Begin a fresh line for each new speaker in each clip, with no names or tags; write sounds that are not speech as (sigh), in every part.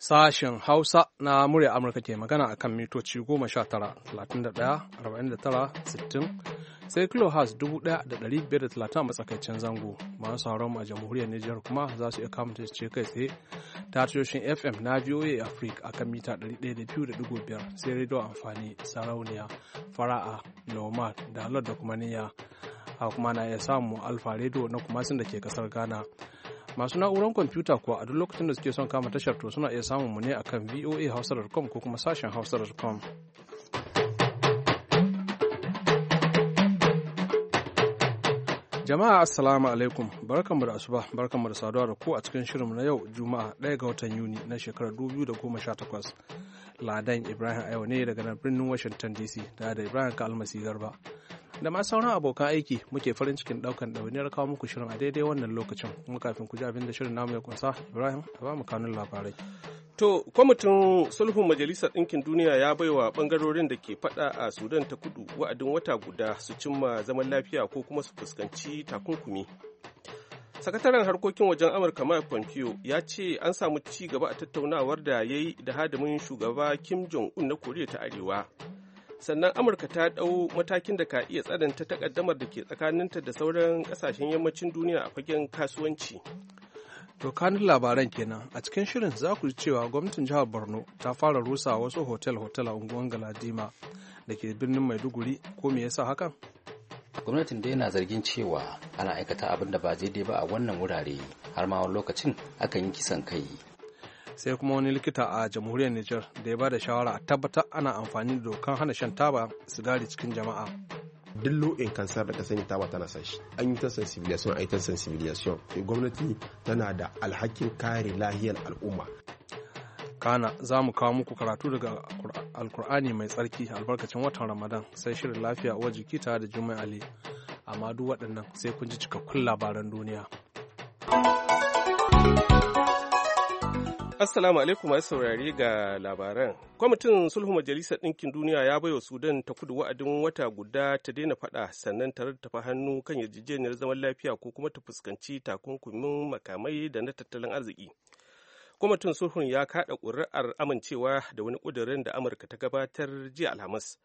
sashen Hausa na murya Amurka ke magana a kan mitoci 19-31-49-60 sai 1,530 matsakaicin zango masu sauran a jamhuriyar Nijar kuma za su iya kamata ce kai tsaye ta tashoshin FM na VOA Africa a kan mita 102.5 sai rediyo amfani sarauniya fara'a nomad da da kuma niyya a kuma na iya samun alfa na sun da ke kasar Ghana. masu na'urar kwamfuta kuwa a duk lokacin da suke son kama tashar to suna iya samun mu ne akan voahausa.com ko kuma sashen hausa.com jama'a assalamu alaikum barkanmu da asuba barkanmu da saduwa da ku a cikin shirinmu na yau juma'a 1 ga watan yuni na shekarar 2018 ladan ibrahim ayo ne daga nan birnin washington dc da da ibrahim ka almasi garba da ma sauran abokan aiki muke farin cikin daukan ɗauniyar kawo muku shirin a daidai wannan lokacin kuma kafin ku ji abin da shirin namu ya kunsa ibrahim a ba mu kanun labarai
to kwamitin sulhun majalisar ɗinkin duniya ya bai wa bangarorin da ke faɗa a sudan ta kudu wa'adin wata guda su cimma zaman lafiya ko kuma su fuskanci takunkumi sakataren harkokin wajen amurka mike pompeo ya ce an samu ci gaba a tattaunawar da ya yi da hadimin shugaba kim jong-un na koriya ta arewa sannan amurka ta ɗau matakin da ka iya tsananta takaddamar da ke tsakaninta da sauran ƙasashen yammacin duniya a fagen kasuwanci
to kanun labaran kenan a cikin shirin za ku ji cewa gwamnatin jihar borno ta fara rusa wasu hotel-hotel a unguwan galadima da ke birnin maiduguri ko me yasa hakan gwamnatin dai na zargin
cewa ana aikata abin da ba dai-dai ba a wannan wurare har ma wani lokacin akan yi kisan
kai sai kuma wani likita a jamhuriyar Nijar da ya ba da shawara a tabbatar ana amfani
da dokan hana shan taba
sigari cikin jama'a.
duk lo'in kansar da kasani taba tana san an yi ta sensibilisation a yi ta sensibilisation eh, gwamnati tana da alhakin kare lahiyar al'umma
kana za mu kawo muku karatu daga alkur'ani mai tsarki albarkacin watan ramadan sai shirin lafiya uwar jiki tare da jumai ali amma duk waɗannan
sai kun ji cikakkun labaran duniya Assalamu alaikum masu saurari ga labaran. Kwamitin sulhu majalisar ɗinkin duniya ya baiwa Sudan ta kudu wa'adin wata guda ta daina faɗa sannan ta rattafa hannu kan yarjejeniyar zaman lafiya ko kuma ta fuskanci takunkumin makamai da na tattalin arziki. Kwamitin sulhun ya kaɗa ƙuri'ar amincewa da wani ƙudurin da Amurka ta gabatar jiya Alhamis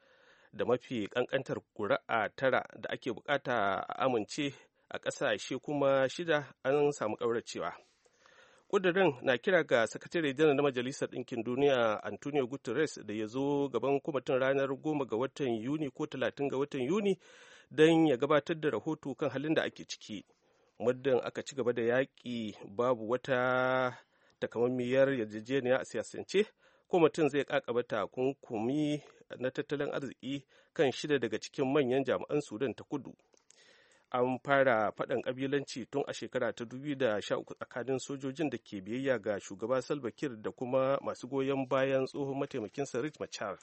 da mafi ƙanƙantar ƙuri'a tara da ake buƙata a amince a ƙasashe kuma shida an samu ƙauracewa. kudirin na kira ga sakatare janar na majalisar ɗinkin duniya antonio guterres da ya zo gaban kwamitin ranar goma ga watan yuni ko talatin ga watan yuni don ya gabatar da rahoto kan halin da ake ciki muddin aka ci gaba da yaƙi babu wata takamammiyar yarjejeniya a siyasance ko zai kakaba takunkumi na tattalin arziki kan shida daga cikin manyan jami'an sudan ta kudu an fara faɗan ƙabilanci tun a shekara ta da 2013 tsakanin sojojin da ke biyayya ga shugaba Salva Kiir da kuma masu goyon bayan tsohon mataimakin sarit Machar.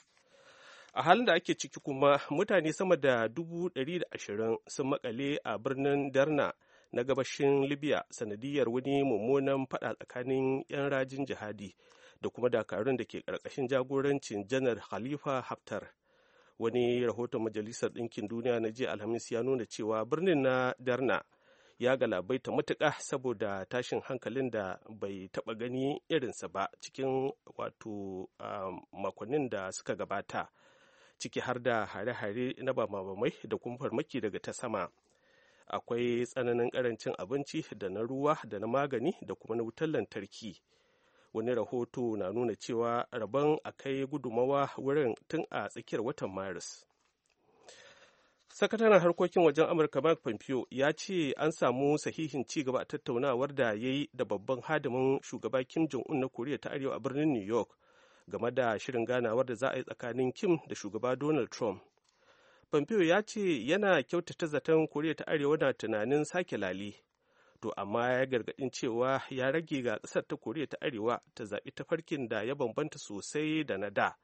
A halin da ake ciki kuma mutane sama da dubu 120 sun makale a birnin Darna na gabashin Libya sanadiyar wani mummunan faɗa tsakanin 'yan rajin jihadi da kuma dakarun da ke ƙarƙashin jagorancin janar Khalifa Haftar. wani rahoton majalisar ɗinkin duniya na jiya alhamis ya nuna cewa birnin na darna ya galabaita matuƙa saboda tashin hankalin da bai taɓa gani irinsa ba cikin wato makonnin da suka gabata ciki har da hare-hare na bamabamai da kuma farmaki daga ta sama akwai tsananin ƙarancin abinci da na ruwa da na magani da kuma na wutar lantarki wani rahoto na nuna cewa rabon a kai gudumawa wurin tun a tsakiyar watan maris sakataren harkokin wajen amurka mark pompeo ya ce an samu sahihin ci gaba a tattaunawar da ya yi da babban hadimin shugaba kim jong-un na koriya ta arewa a birnin new york game da shirin ganawar da za a yi tsakanin kim da shugaba donald trump pompeo ya ce yana kyautata zaton koriya ta arewa na tunanin sake lali to amma ya gargadin cewa ya rage ga ƙasar ta koriya ta arewa ta zaɓi ta farkin da ya bambanta sosai da na da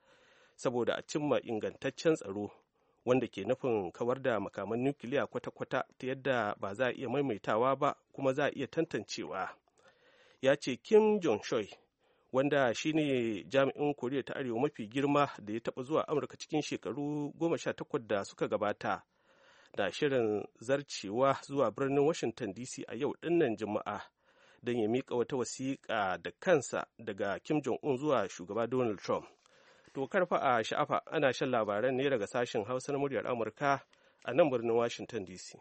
saboda a cimma ingantaccen tsaro wanda ke nufin kawar da makaman nukiliya kwata-kwata ta yadda ba za a iya maimaitawa ba kuma za a iya tantancewa ya ce kim jong choi wanda shine jami'in koriya ta arewa mafi girma da ya taɓa zuwa amurka cikin shekaru goma sha takwas da suka gabata da shirin zarcewa zuwa birnin washington dc a yau dinnan juma'a don ya mika wata wasiƙa da kansa daga kim jong-un zuwa shugaba donald trump to karfa a sha'afa ana shan labaran ne daga sashen hausa na muryar amurka a nan birnin washington dc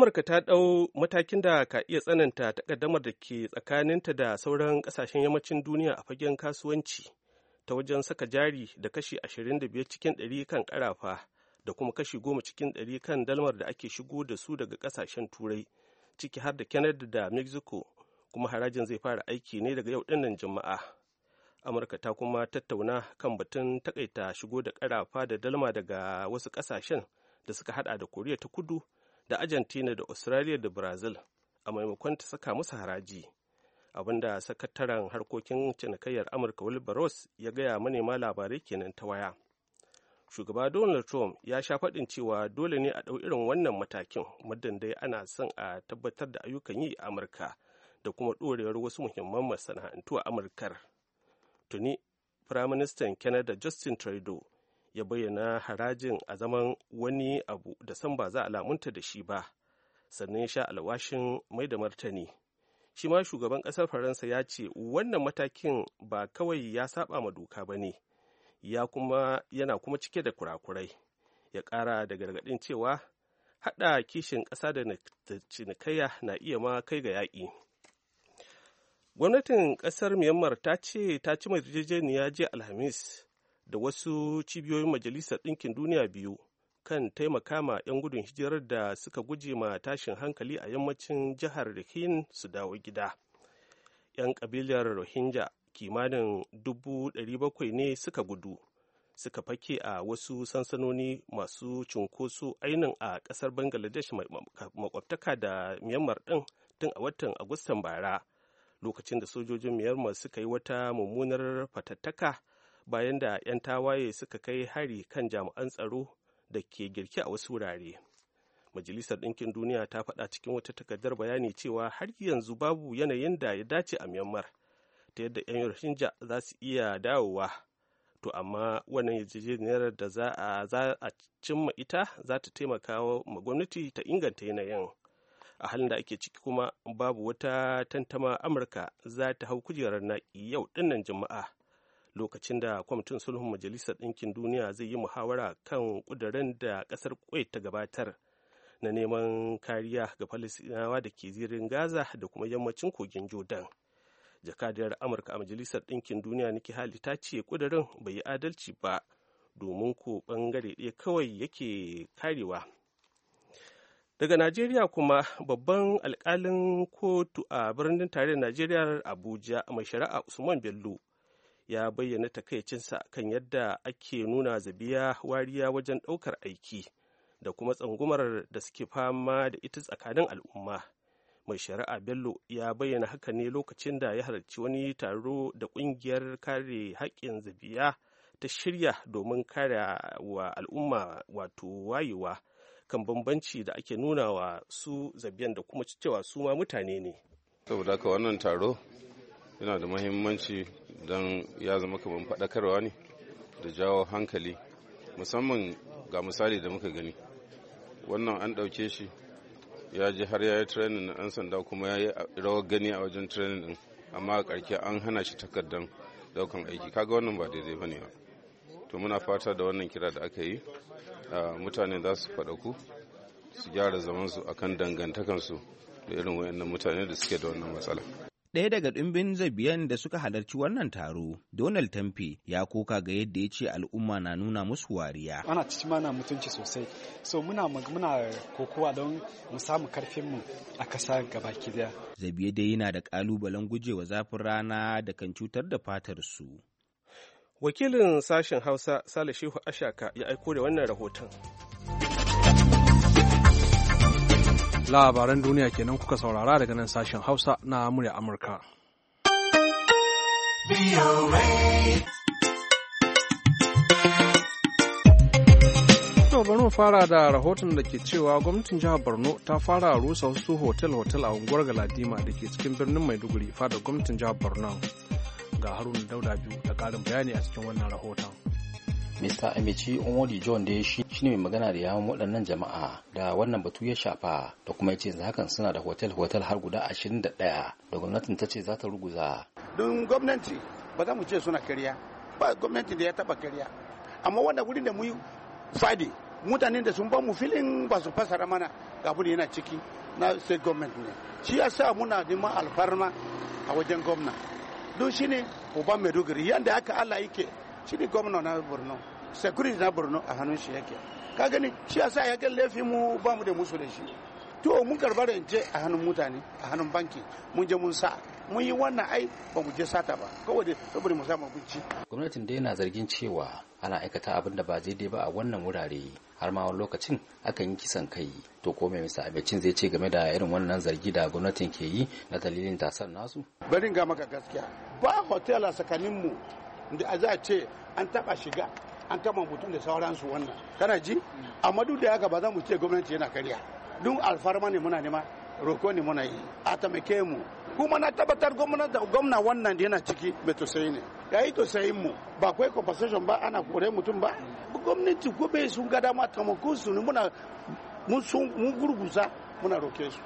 amurka ta ɗau matakin da ka iya tsananta takaddamar da ke tsakaninta da sauran ƙasashen yammacin duniya a fagen kasuwanci ta wajen saka jari da kashi 25 cikin 100 kan ƙarafa da kuma kashi goma cikin 100 kan dalmar da ake shigo da su daga ƙasashen turai ciki har da canada da mexico kuma harajin zai fara aiki ne daga yau dinnan jama'a, amurka ta kuma tattauna kan batun takaita shigo da ƙarafa da dalma daga wasu ƙasashen da suka hada da koriya ta kudu da argentina da australia da brazil a maimakon ta saka musu haraji abinda sakataren harkokin cinikayyar amurka wilbur ross ya gaya manema labarai kenan ta waya shugaba donald trump ya sha faɗin cewa dole ne a ɗau irin wannan matakin muddin dai ana son a tabbatar da ayyukan yi a amurka da kuma ɗorewar wasu muhimman masana'antu a amurkar tuni firaministan canada justin trudeau ya bayyana harajin a zaman wani abu da san ba za a lamunta da shi ba sannan ya sha alwashin mai da martani shi ma shugaban ƙasar faransa ya ce wannan matakin ba kawai ya saba ma doka ba ne ya kuma yana kuma cike da kurakurai ya ƙara da gargaɗin cewa haɗa kishin ƙasa da cinikayya na iya ma kai ga yaƙi gwamnatin ƙasar myanmar ta ce ta ci yarjejeniya jiya alhamis da wasu cibiyoyin majalisar ɗinkin duniya biyu kan taimaka ma 'yan gudun hijirar da suka guje ma tashin hankali a yammacin jihar Rakhine su dawo gida. 'Yan kabilar Rohingya kimanin 700,000 ne suka gudu, suka fake a wasu sansanoni masu cunkoso ainin a ƙasar Bangladesh makwabtaka da Myanmar ɗin tun a watan Agustan bara, lokacin da sojojin Myanmar suka yi wata mummunar fatattaka bayan da 'yan tawaye suka kai hari kan jami'an tsaro da ke girki a wasu wurare majalisar ɗinkin duniya ta faɗa cikin wata takardar bayani cewa har yanzu babu yanayin da ya dace a myanmar ta yadda 'yan rohingya za su iya dawowa to amma wannan yarjejeniyar da za a cimma ita za ta taimaka ma gwamnati ta inganta yanayin a halin da ake ciki kuma babu wata tantama amurka za ta hau kujerar naƙi yau ɗinnan jama'a lokacin da kwamitin sulhun majalisar ɗinkin duniya zai yi muhawara kan ƙudurin da ƙasar kuwait ta gabatar na neman kariya ga Falisinawa da ke zirin gaza da kuma yammacin kogin jordan jakadiyar amurka a majalisar ɗinkin duniya niki hali ta ce ƙudurin bai yi adalci ba domin ko ɓangare ɗaya kawai yake karewa daga najeriya kuma babban alkalin kotu a birnin tarayyar najeriya abuja mai shari'a usman bello ya bayyana takaicinsa kan yadda ake nuna zabiya wariya wajen ɗaukar aiki da kuma tsangumar da suke fama da ita tsakanin al'umma mai shari'a bello ya bayyana haka ne lokacin da ya halarci wani taro da ƙungiyar kare haƙƙin zabiya ta shirya domin kare wa al'umma wato wayewa kan bambanci da ake nuna wa su zabiyan da kuma cewa su ma mutane ne
saboda haka wannan taro yana da muhimmanci. don ya zama kamar faɗakarwa ne da jawo hankali musamman ga misali da muka gani wannan an ɗauke shi ya ji har ya yi training na ɗan sanda kuma ya yi rawar gani a wajen training din amma a karke an hana shi takardar daukan aiki kaga wannan ba daidai ba ne ba to muna fata da wannan kira da aka yi mutane za su faɗaku su gyara zamansu akan dangantakansu da irin wayannan mutane da suke da wannan matsala
Ɗaya daga
ɗimbin zabiyan da suka halarci wannan taro, Donald Tamfe ya koka ga yadda ya ce al'umma na nuna musu wariya.
Ana cici mana mutunci sosai. So muna muna kokowa don mu samu karfin mu a kasa gabaki daya.
Zabiya dai yana da ƙalubalen gujewa zafin rana da kan cutar da fatar su.
Wakilin sashen Hausa Sale Shehu Ashaka ya aiko da wannan rahoton.
labaran duniya kenan kuka saurara daga nan sashen hausa na murya amurka bari mu fara da rahoton da ke cewa gwamnatin jihar borno ta fara rusa wasu hotel-hotel a unguwar galadima da ke cikin birnin maiduguri fadar gwamnatin jihar borno ga haruna dauda biyu da karin bayani a cikin wannan rahoton
Mr. Amici Omodi John da shi shine mai magana da yawon waɗannan jama'a da wannan batu ya shafa da kuma yace yanzu hakan suna da hotel-hotel har guda 21 da gwamnatin ta ce za ta
ruguza. Don gwamnati ba za mu ce suna kariya ba gwamnati da ya taba kariya amma wanda wurin da mu yi fadi mutanen da sun ba mu filin ba su fasara mana ga da yana ciki na sai gwamnati ne shi ya sa muna nema alfarma a wajen gwamna don ne uban maiduguri yadda aka allah yake shi ne gwamna na borno security na borno a hannun shi yake ka gani shi yasa ya kan laifi mu ba mu da musu da shi to mun karba da je a hannun mutane a hannun banki mun je mun sa mun yi wannan ai ba mu je sata ba kawai dai saboda mu samu kunci
gwamnatin dai na zargin cewa ana aikata abin da ba daidai ba a wannan wurare har ma lokacin akan yi kisan kai to ko mai misa abincin zai ce game da irin wannan zargi da gwamnatin ke yi na dalilin tasar nasu
bari ga maka gaskiya ba hotel a tsakaninmu da a za ce an taba shiga an kama mutum da sauransu wannan kana ji amma duk da haka ba za mu ce gwamnati yana karya Don alfarma ne muna nema roko ne muna yi a taimake mu kuma na tabbatar gwamna wannan da yana ciki mai tosai ne ya yi tausayin mu ba kwai compensation ba ana kore mutum ba gwamnati gobe sun gada ma taimakon su ne muna mun gurgusa muna roke su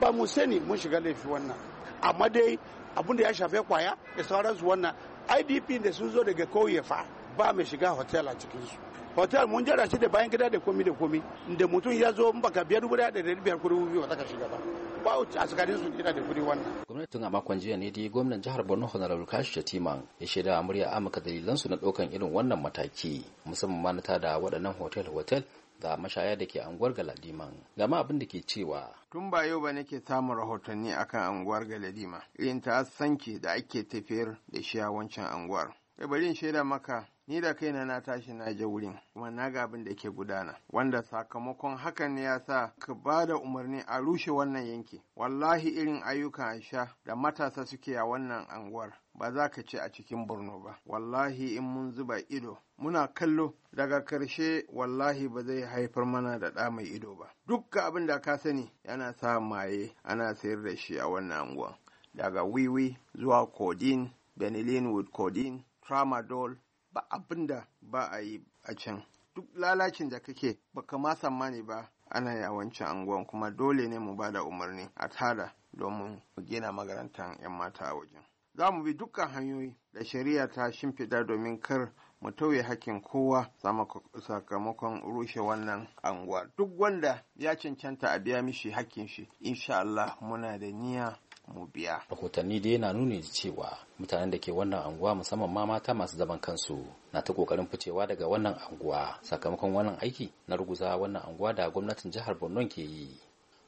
ba mu sani mun shiga laifi wannan amma dai abin da ya shafe kwaya da sauransu wannan idp da sun zo daga kauye fa ba mai shiga hotel a cikinsu hotel mun jira shi da bayan gida da komi da komi da mutum ya zo in baka biyar guda da biyar kuri biyu ba ka shiga ba ba a tsakanin su jira da kuri wannan
gwamnatin a makon jiya ne dai gwamnan jihar Borno Honorable Kashi Shatiman ya shaida murya Amurka dalilan su na ɗaukan irin wannan mataki musamman ma ta da waɗannan hotel hotel ga mashaya da ke anguwar galadiman gama abin da
ke cewa tun ba yau ba nake samun rahotanni akan anguwar galadima irin ta sanke da ake tafiyar da shi a wancan anguwar eh, bari in shaida maka ni da kaina na tashi na je wurin kuma na ga abin da ke gudana wanda sakamakon hakan ne ya sa ka ba da umarni a rushe wannan yanki wallahi irin ayyukan sha da matasa suke a wannan anguwar ba za ka ce a cikin borno ba wallahi in mun zuba ido muna kallo daga karshe wallahi ba zai haifar mana da ɗa mai ido ba Duk ka abin da ka sani yana sa maye ana sayar da shi a wannan anguwan daga wiwi zuwa codeine benilin with codeine tramadol ba abin da ba a yi a can duk lalacin da kake baka ma tsammani ba ana yi a wancan anguwan kuma dole ne mu bada umarni a tara domin mu gina magarantar 'yan mata a wajen za mu bi dukkan hanyoyi da shari'a ta shimfida domin kar mu tauye hakkin kowa sakamakon rushe wannan anguwa duk wanda ya cancanta a biya mishi hakkin shi insha Allah muna da niyya mu biya.
Rahotanni dai na nuni da cewa mutanen da ke wannan anguwa musamman ma mata masu zaman kansu na ta kokarin ficewa daga wannan anguwa sakamakon wannan aiki na ruguza wannan anguwa da gwamnatin jihar Borno ke yi.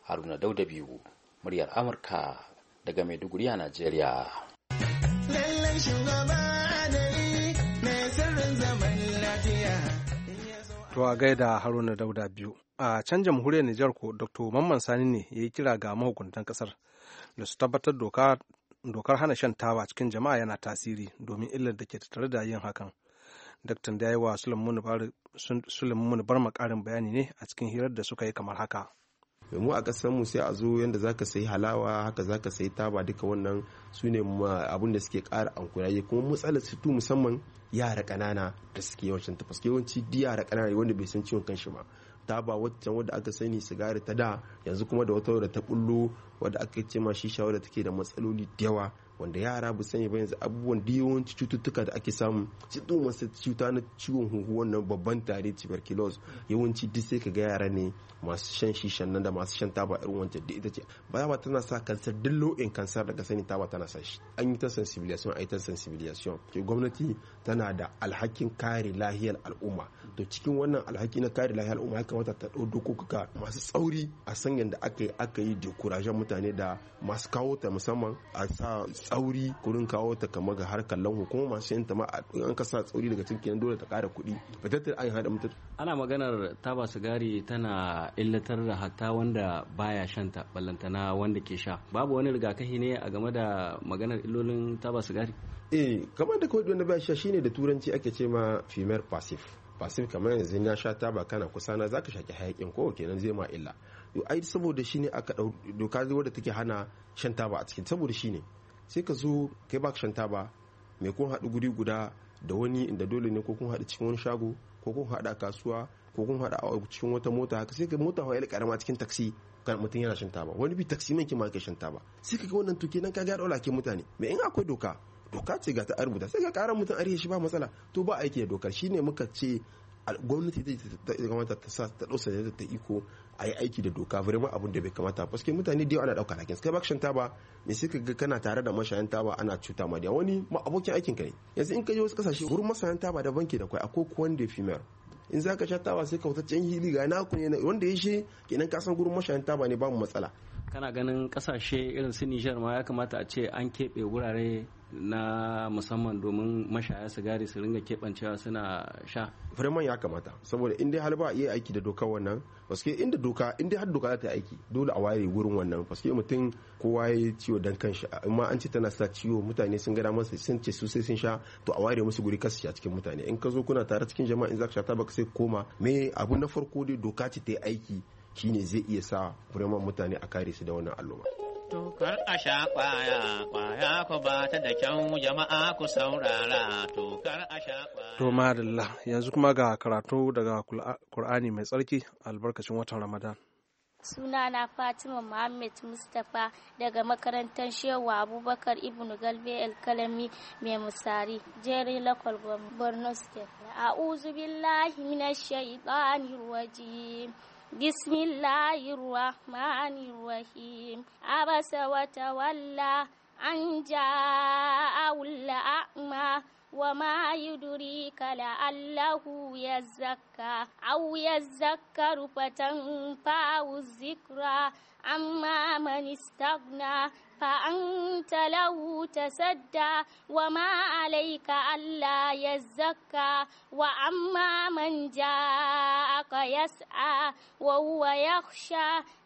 Haruna Dauda biyu muryar Amurka daga Maiduguri a Najeriya.
Lallai
To a gaida Haruna Dauda biyu. A can jamhuriyar Nijar ko Dr. Mamman Sani ne ya yi kira ga mahukuntan kasar da su tabbatar dokar hana shan taba cikin jama'a yana tasiri domin illar da ke tattare da yin hakan daktan da ya yi wa suleiman barma bayani ne a cikin hirar da suka yi kamar haka
mu a kasar mu sai a zo yadda zaka sayi halawa haka zaka sayi taba duka wannan su ne abin da suke ƙara ankuraye kuma matsalar su musamman yara ƙanana da suke yawancin ta faske yawanci di yara ƙanana wanda bai san ciwon kanshi ba taba waccan wadda aka sani sigari ta da yanzu kuma da wata da ta bullo wadda aka ce ma shisha wadda take da matsaloli da yawa wanda yara bu sanya ba yanzu abubuwan da cututtuka da ake samu cikin masu cuta na ciwon huhu wannan babban tare tuberculosis yawanci duk sai ka ga yara ne masu shan shishan nan da masu shan taba irin wancan da ita ce ba tana sa kansar duk lo'in kansar daga sani taba tana sa shi an yi ta sensibilisation a yi ta sensibilisation ke gwamnati tana da alhakin kare lahiyar al'umma to cikin wannan alhaki na kare lahiyar al'umma ya kamata ta ɗau dokokuka masu tsauri a san yadda aka yi aka yi mutane mutane da masu kawo ta musamman a sa tsauri kurin kawo ta kamar ga harkar lanhu kuma masu yin ta ma an ka sa tsauri daga cikin dole ta kara kuɗi fitattar an haɗa mutum.
ana maganar taba sigari tana illatar da hatta wanda baya shanta ballantana wanda ke sha babu wani rigakafi ne a game da maganar illolin
taba sigari. eh kamar da kawai wanda baya sha shine da turanci ake ce ma female passive fasim kamar yanzu na sha taba kana kusa na zaka shaki hayakin ko kenan zai ma illa to ai saboda shine aka doka zai wanda take hana shan taba a cikin saboda shine sai ka zo kai baka shan taba mai kun haɗu guri guda da wani inda dole ne ko kun haɗu cikin wani shago ko kun hadu a kasuwa ko kun hadu a cikin wata mota haka sai ka mota hawa karama cikin taksi kan mutum yana shan taba wani bi taksi man ke ma ke shan taba sai ka ga wannan to kenan ka ga dole ke mutane me in akwai doka doka ce ga ta an rubuta sai ka karar mutum a shi ba matsala to ba aiki da dokar ne muka ce gwamnati ta kamata ta sa ta dausa da ta iko a yi aiki da doka vraiment abun da bai kamata paske mutane da yawa ana dauka lakin kai bakshin taba me sai ga kana tare da mashayan taba ana cuta ma da wani ma abokin aikin ka ne yanzu in ka je wasu kasashe wurin masayan taba da banki da kwai akwai kuwan da female in za ka sha taba sai ka wata can hili ga naku ne wanda ya shi kenan ka san gurin mashayan taba ne babu matsala
kana ganin kasashe irin su nijar ma ya kamata a ce an keɓe wurare na musamman domin mashaya sigari su ringa keɓancewa suna sha
firman ya kamata saboda inda hal ba iya aiki da doka wannan paske inda doka inda har doka za ta aiki dole a waye wurin wannan paske mutum kowa ya ciwo dan kanshi amma an ce tana sa ciwo mutane sun gada masa sun ce su sai sun sha to a ware musu guri kasu sha cikin mutane in ka zo kuna tare cikin jama'a in za ka sha ta baka sai koma me abu na farko dai doka ce ta aiki shine zai iya sa vraiment mutane a kare su da wannan alluma.
Tukar a sha kwaya, kwaya ku ba ta da kyau jama'a ku saurara, tukar a
sha kwaya. To madalla, yanzu kuma
ga karatu daga Kur'ani mai tsarki albarkacin watan Ramadan.
Suna na fatima muhammad mustapha daga makarantar shehu abubakar ibn galbe alkalami mai musari jerry local borno state a'udhu billahi minash shaitanir rajim بسم الله الرحمن الرحيم عبس وتولى عن جاء الأعمى وما يدريك لعله يزكى أو يذكر فتنفعه الذكرى amma mani stagna fa’anta lauta sadda wa ma’alaika Allah ya zakka wa amma man ja aka yasa wa wa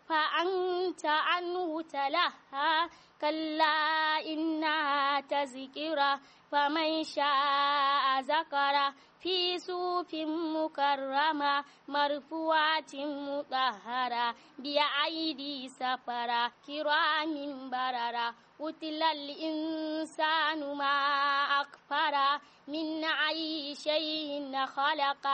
fa’anta an wuta laha kalla ina ta zikira fa mai sha a zakara في صوف مكرمة مرفوعة مطهرة بأيدي سفرة كرام بررة قتل الإنسان ما أكفر من أي شيء خلق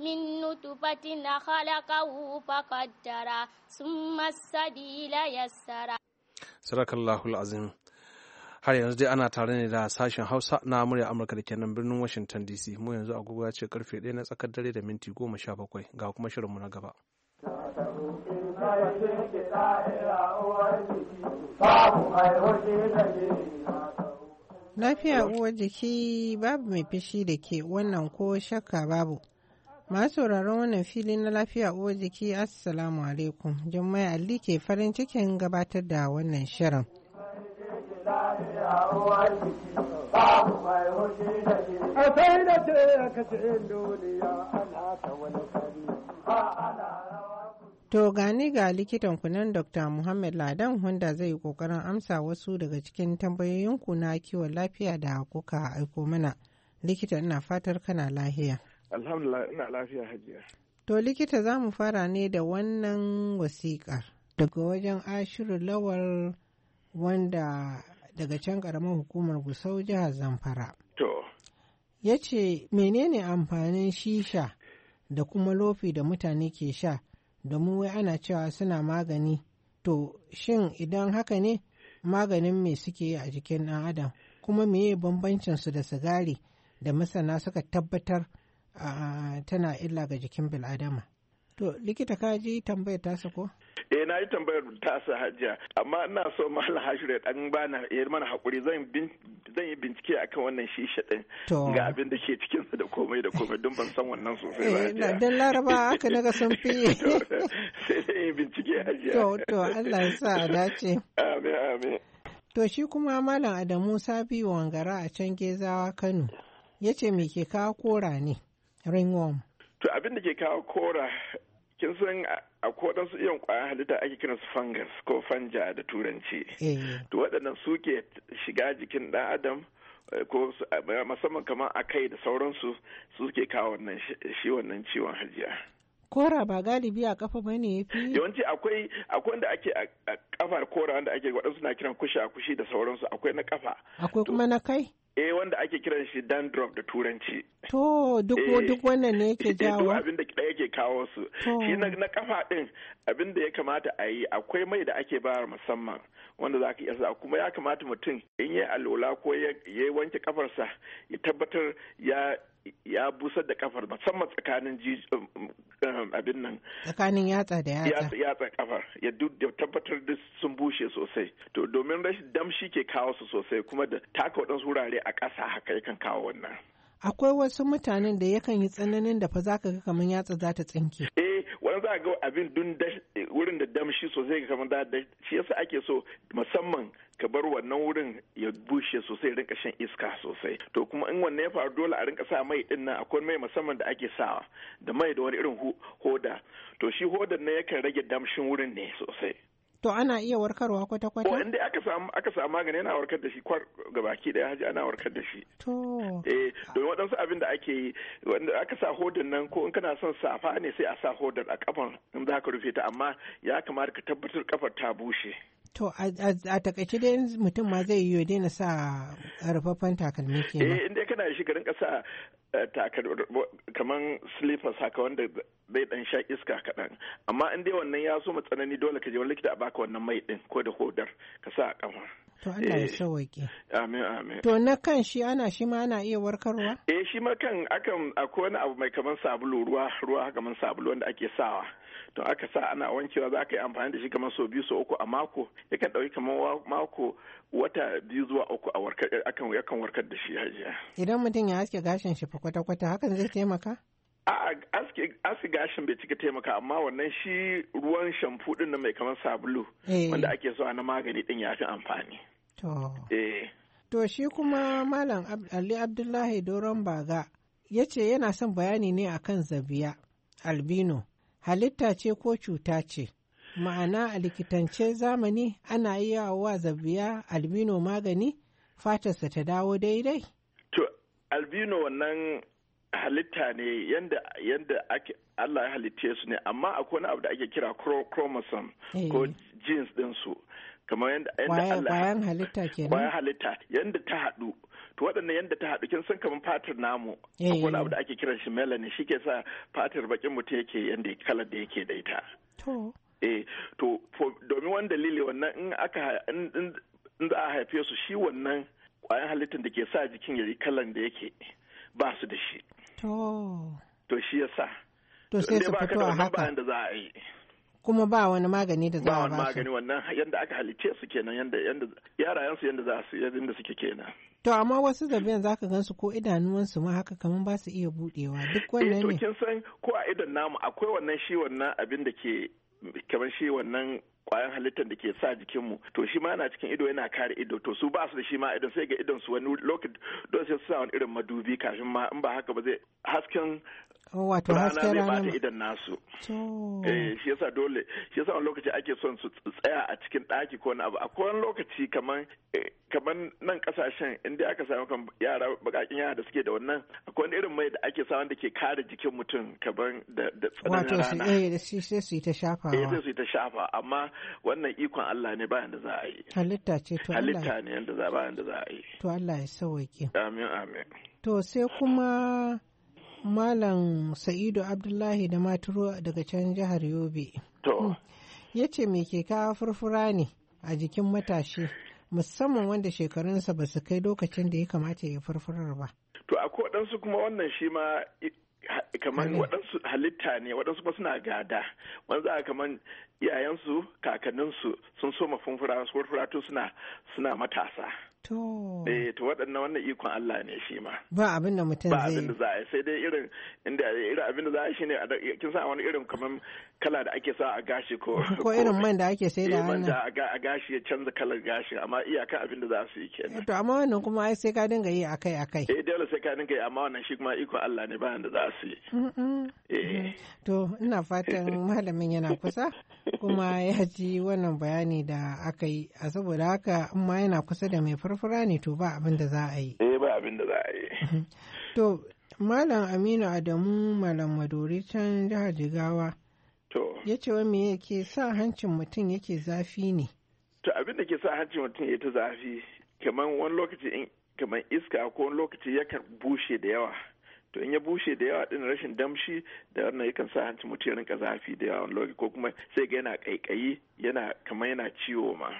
من نطفة خلقه فقدر ثم السبيل يسر
صدق الله العظيم har yanzu dai ana tare ne da sashen hausa na murya amurka da kenan birnin washington dc mu yanzu agogo ya ce karfe 1 na tsakar dare da minti goma sha bakwai ga kuma shirinmu na gaba
lafiya uwar jiki babu mai fishi da ke wannan ko shakka babu masu sauraron wannan fili na lafiya uwar jiki assalamu alaikum jummai alli ke farin cikin gabatar da wannan shirin
da shi a ce
ana To gani ga likitan kunan Dr. Muhammad Ladan wanda zai yi kokarin amsa wasu daga cikin tambayoyinku na kiwon lafiya da kuka aiko mana. Likita ina fatar kana lahiya.
Alhamdulillah ina lafiya hajiya.
To likita za mu fara ne da wannan wasiƙar daga wajen ashirin lawar wanda daga can karamar hukumar Gusau jihar Zamfara. To. Ya ce menene amfanin shisha da kuma lofi da mutane ke sha domin wai ana cewa suna magani. To shin idan haka ne maganin me suke a jikin ɗan adam kuma meye bambancin su da sigari da masana suka tabbatar tana illa ga jikin bil'adama. To likita ka ji tambayar tasa ko?
eh na yi tambayar ta su hajiya amma ina so malam hashire, dan bana ya mana hakuri zan zan yi bincike akan wannan shisha din ga abin da ke cikin sa da komai da komai don ban san wannan sosai ba eh, na dan laraba aka naga sun fi (laughs) sai dai bincike hajiya to to Allah ya sa a dace amin amin
to shi kuma malam Adamu Sabi Wangara a can Gezawa Kano yace me ke kawo kora ne ringworm
To abin da ke kawo kora kin san a su iyon kwaya halitta ake kira su fungus ko fanja da turanci eh. to waɗannan suke shiga jikin ɗan adam eh, ko musamman kamar a kai da sauransu suke kawo wannan shi wannan ciwon hajiya
kora ba galibi a kafa ba ne fi
yawanci akwai akwai wanda ake a kafar kora wanda ake waɗansu na kiran kushi a kushi da sauransu akwai na kafa
akwai kuma na kai
eh wanda ake kiran shi dandruff da turanci
to duk eh, duk wannan ne yake eh, jawo abin
da ɗaya yake kawo su shi na kafa din abin da ya kamata a yi akwai mai da ake bayar musamman wanda za ka iya sa kuma ya kamata mutum in yayi alola ko ya wanke kafarsa ya tabbatar ya ya busar da kafar musamman tsakanin um, um, um, abin nan
tsakanin yatsa da yatsa
yatsa kafar ya tabbatar da sun bushe sosai to domin rashin damshi ke kawo su sosai kuma da taka waɗansu wurare a ƙasa haka yakan kawo wannan
akwai wasu mutanen da yakan yi tsananin da fa zaka ga kamar yatsa za ta tsinke.
Eh, wani za ga abin dun wurin da damshi sosai kamar da shi yasa ake so musamman ka bar wannan wurin ya bushe sosai rinka shan iska sosai to kuma in wannan ya faru dole a rinka sa mai din nan akwai mai musamman da ake sawa da mai da wani irin hoda to shi hodan ne yakan rage damshin wurin ne sosai
To ana iya warkarwa kwata-kwata? Ko inda
aka samu aka samu magani yana warkar da shi kwar gabaki daya haji ana warkar da shi.
To.
Eh don waɗansu abin da ake yi wanda aka sa hodin nan ko in kana son safa ne sai a sa hodar a kafan in za ka rufe ta amma ya kamata ka tabbatar kafar ta bushe.
To a takaice dai mutum ma zai yi daina sa rufaffen takalmi ke Eh inda
kana shi garin kasa eh, kamar slippers haka wanda zai dan sha iska kaɗan amma in dai wannan ya so tsanani dole ka je wani likita a baka wannan mai ɗin, ko da hodar ka sa a kama.
To Allah ya eh. sauwaƙe.
Amin amin. To
na kan shi ana shi ma ana iya warkarwa?
Eh shi ma kan akan akwai wani abu mai kamar sabulu ruwa ruwa kamar sabulu wanda ake sawa. to aka sa ana wankewa za ka yi amfani da shi kamar sau biyu sau uku a mako yakan ɗauki kamar mako wata biyu zuwa uku a warkar akan yakan warkar da shi hajiya
idan mutum ya aske gashin shi fa kwata-kwata hakan zai taimaka
A'a aski gashin bai cika taimaka amma wannan shi ruwan shamfu din na mai kamar sabulu eh. wanda ake so na magani din ya fi amfani. To
eh. shi kuma Malam Ali Abdullahi Doron Baga ya ce yana son bayani ne akan zabiya albino. halitta ce ko cuta ce ma'ana a likitance zamani ana iya wa zabiya albino magani fatarsa ta dawo daidai
to albino wannan halitta ne yanda yanda ake Allah ya halitte su ne amma akwai wani abu da ake kira chromosome eh. ko genes din su kamar yadda Allah bayan
halitta kenan bayan
halitta yanda ta haɗu to waɗannan yadda ta haɗu kin san kamar fatar namu eh, akwai wani abu da eh. ake kiran shi melanin shi ke sa fatar bakin mutum yake yadda kalar da yake da ita to eh, domin wani dalili wannan in aka in za a haife su shi wannan kwayan halittar da ke sa jikin yari kalan da yake ba su da shi to shi ya sa
to sai su fito a haka da za a yi kuma ba wani magani da za a ba wani magani
wannan yadda aka halice su kenan yadda yadda yarayen yadda za su yadda suke kenan
To amma wasu zabiyan zaka gan su ko idanuwansu ma haka kamar ba su iya budewa duk eh, wannan ne. kin san
ko a idan namu akwai wannan shi wannan abin da ke kamar shi wannan kwayan halittar da ke sa jikinmu to shi ma yana cikin ido yana kare ido to su ba su da shi ma idan sai ga idon su wani lokacin don sai su sa wani irin madubi kafin ma in ba haka ba zai hasken
Oh, wato hasken rana zai idan nasu eh
shi yasa dole shi yasa wani lokaci ake son su tsaya a cikin ɗaki ko wani abu akwai wani lokaci kaman eh, kaman nan kasashen inda aka samu kan yara bakakin yara da suke da wannan akwai wani irin mai da ake sa wanda ke kare jikin mutum kaman da da tsananin rana wato
eh sai su yi ta shafa eh sai
su yi ta shafa amma wannan ikon Allah ne ba da za a yi
halitta ce to Allah halitta
ne yanda za ba da za a yi
to Allah ya sauke
amin amin
to sai kuma Malam Sa'idu Abdullahi da Maturu daga can jihar Yobe. To. Hmm. Ya ce me ke kawo furfura ne a jikin matashi musamman wanda shekarunsa ba su kai lokacin da ya kamata ya furfurar ba.
To akwai waɗansu kuma wannan shi ma kamar waɗansu halitta ne waɗansu kuma suna gada wani za a kamar iyayensu kakanninsu sun so furfura tun suna matasa.
To.
Eh to waɗannan wannan ikon Allah ne shi ma. Ba abin
da mutum zai. Ba abin da za
a yi sai dai irin inda irin abin da za a yi shine kin sa wani irin kamar kala da ake sa a gashi ko. (laughs) Ko irin man da ake sai da wannan. Eh, man da a gashi ya canza kalar gashi amma iyaka abin da za su yi kenan. Eh, to
amma wannan kuma ai sai ka dinga yi akai akai. Eh
dole sai ka dinga yi amma wannan shi kuma ikon Allah ne bayan da za su yi.
Eh. To ina fatan (laughs) malamin yana kusa kuma ya ji wannan bayani da aka yi a saboda haka amma ma yana kusa da mai furfura ne to ba abin da za a yi
eh ba abin da za a yi
mhm. to malam aminu adamu malam madori can jihar jigawa to ya ce wa me yake sa hancin mutum yake zafi ne
to abin da ke sa hancin mutum ya ta zafi kamar wani lokaci in kamar iska ko wani lokaci yakan bushe da yawa to in ya bushe da yawa din rashin damshi da wannan yakan sa hancin mutum ya rinka zafi da yawa wani lokaci ko kuma sai ga yana kaikayi yana kamar yana ciwo ma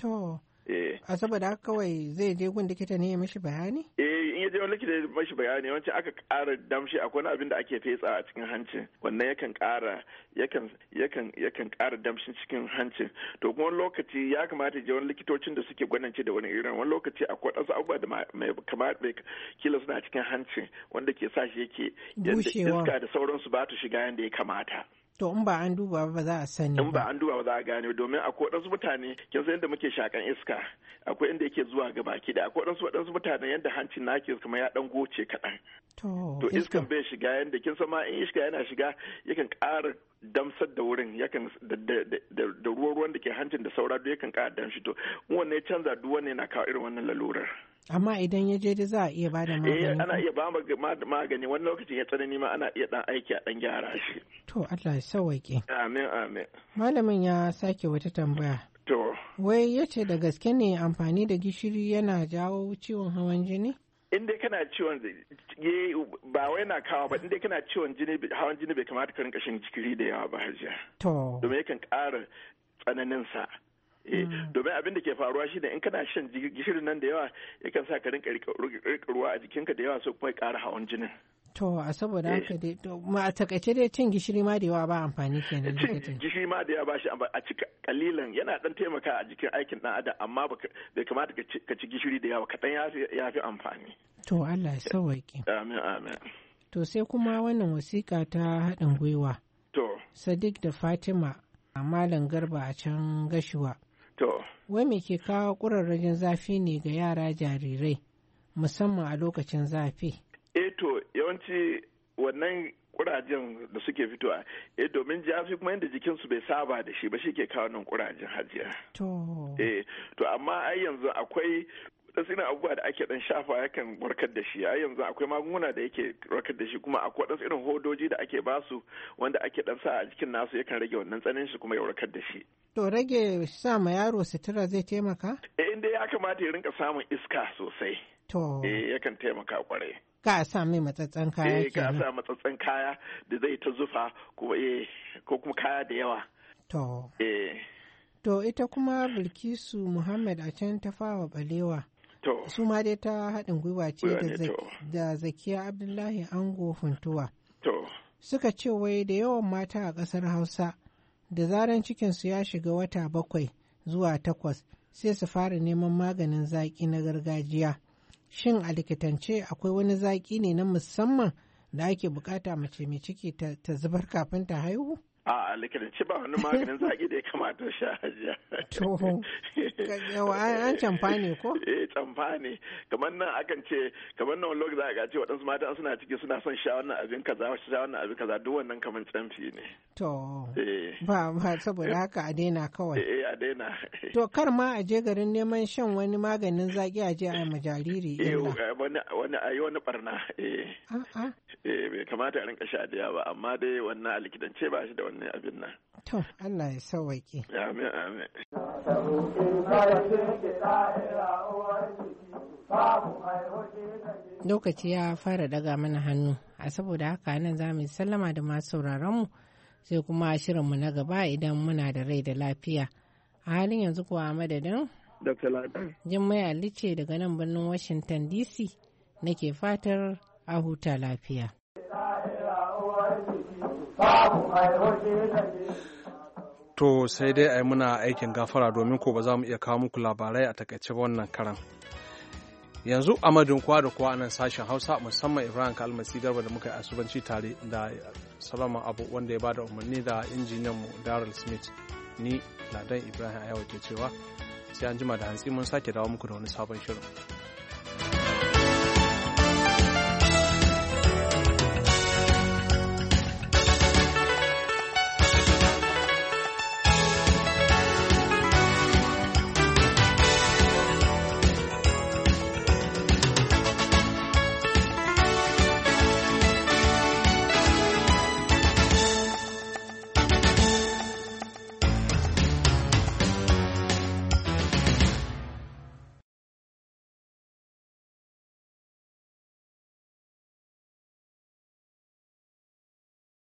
to Eh.
a saboda haka kawai zai je gun likita ne ya mashi bayani
eh in ya je wani likita ya mashi bayani wancan aka kara damshi akwai wani abin da ake fetsa a cikin hancin wannan yakan ƙara yakan yakan yakan ƙara damshin cikin hancin to kuma lokaci ya kamata je wani likitocin da suke gwanance da wani irin wani lokaci akwai wasu abubuwa da mai kamar kila suna cikin hancin wanda ke sa shi yake iska da sauransu ba ta shiga yadda ya kamata
To in ba an duba ba za a sani. In ba
an duba ba za a gane domin akwai waɗansu mutane kin san yadda muke shakan iska akwai inda yake zuwa ga baki da akwai waɗansu waɗansu mutane yadda hancin nake kuma ya ɗan goce kaɗan.
To iskan
bai shiga yadda kin san ma in iska yana shiga yakan ƙara damsar da wurin yakan da ruwa ruwan da ke hancin da saura duk yakan ƙara damshi to wannan ya canza duk wannan yana kawo irin wannan lalurar.
amma idan ya je za a iya bada eh, magani eh ana iya
ba magani wani lokacin ya tsanani ma ana iya dan aiki a dan gyara shi
to Allah ya sauke
amin amin
malamin ya sake wata tambaya to wai yace da gaske ne amfani da gishiri yana jawo ciwon hawan jini
in dai kana ciwon ba wai na kawo ba in dai kana ciwon jini hawan jini bai kamata ka rinka shan jikiri da yawa ba hajiya to domin yakan ƙara tsananin sa Eh, mm. domin abin da ke faruwa shi ne in kana shan gishirin nan da yawa yakan sa ka rinka rika ruwa a jikinka da yawa sai kuma kara hawan jinin
To a saboda haka eh. dai to ma a takaice dai cin gishiri ma da yawa ba amfani kenan eh, cin
gishiri ma da yawa ba shi a cika kalilan yana dan taimaka a jikin aikin dan adam amma bai kamata ka ci gishiri da yawa kaɗan ya fi amfani.
To Allah ya sauwaƙe.
Amin amin.
To sai kuma wannan wasiƙa ta haɗin gwiwa. To. Sadiq da Fatima a Malam Garba a can Gashuwa. To. Wai me ke kawo ƙurarrajin zafi ne ga yara jarirai musamman a lokacin zafi?
E, to yawanci wannan ƙurajen da suke fitowa e domin jafi kuma yadda jikinsu bai saba da shi ba shi ke kawo nan ƙurajen hajiya. To. E, to amma ai yanzu akwai wadansu abubuwa da ake dan shafa yakan warkar da shi a yanzu akwai magunguna da yake warkar da shi kuma akwai wadansu irin hodoji da ake basu wanda ake dan sa a jikin nasu yakan rage wannan tsanin shi kuma ya warkar da shi
to rage sa ma yaro sutura zai taimaka
eh inda ya kamata ya rinka samun iska sosai to eh yakan taimaka kwarai
ka sa mai matsatsen kaya eh ka
sa matsatsen kaya da zai ta zufa ko eh ko kuma kaya da yawa to eh
To ita kuma Bilkisu Muhammad a can ta fawa balewa Su ma dai ta haɗin gwiwa ce da Zakiya Abdullahi Ango Funtuwa. Suka ce wai da yawan mata a ƙasar Hausa da zaran cikinsu ya shiga wata bakwai zuwa takwas sai su fara neman maganin zaƙi na gargajiya. Shin a likitance akwai wani zaƙi ne na musamman da ake bukata mace mai ciki ta zubar kafin ta haihu?
a likitanci ba wani maganin zaki da ya kamata sha hajiya
to yawa an camfa ne ko
eh camfa ne kamar nan akan ce kamar nan wani lokaci za a ce waɗansu mata suna ciki suna son sha wannan abin kaza sha wannan abin kaza duk wannan kamar camfi ne to eh.
ba ba saboda haka a daina kawai eh a daina to kar ma a je garin neman shan wani maganin zaki a je a ma jariri eh
wani wani ayi wani barna eh a'a Eh, bai kamata a rinka sha da ba amma dai wannan a likitance ba shi da wannan abin nan.
To Allah ya sauwaƙe.
Amin amin.
Lokaci ya fara daga mana hannu a saboda haka nan za mu sallama da masu sauraronmu sai kuma shirinmu na gaba idan muna da rai da lafiya. A halin yanzu kuwa a madadin? Dr. Ladan. Jummai Ali ce daga nan birnin Washington DC nake fatar a huta lafiya.
To sai dai a yi muna aikin gafara domin ko ba za mu iya kawo muku labarai a takaice wannan karan. Yanzu amadin kuwa da kuwa nan sashen Hausa musamman Ibrahim Kalmasi Garba da muka yi asubanci tare da Salama Abu wanda ya bada umarni da injiniyanmu Daryl Smith ni Ladan Ibrahim Ayawa ke cewa sai an jima da hantsi mun sake dawo muku da wani sabon shirin.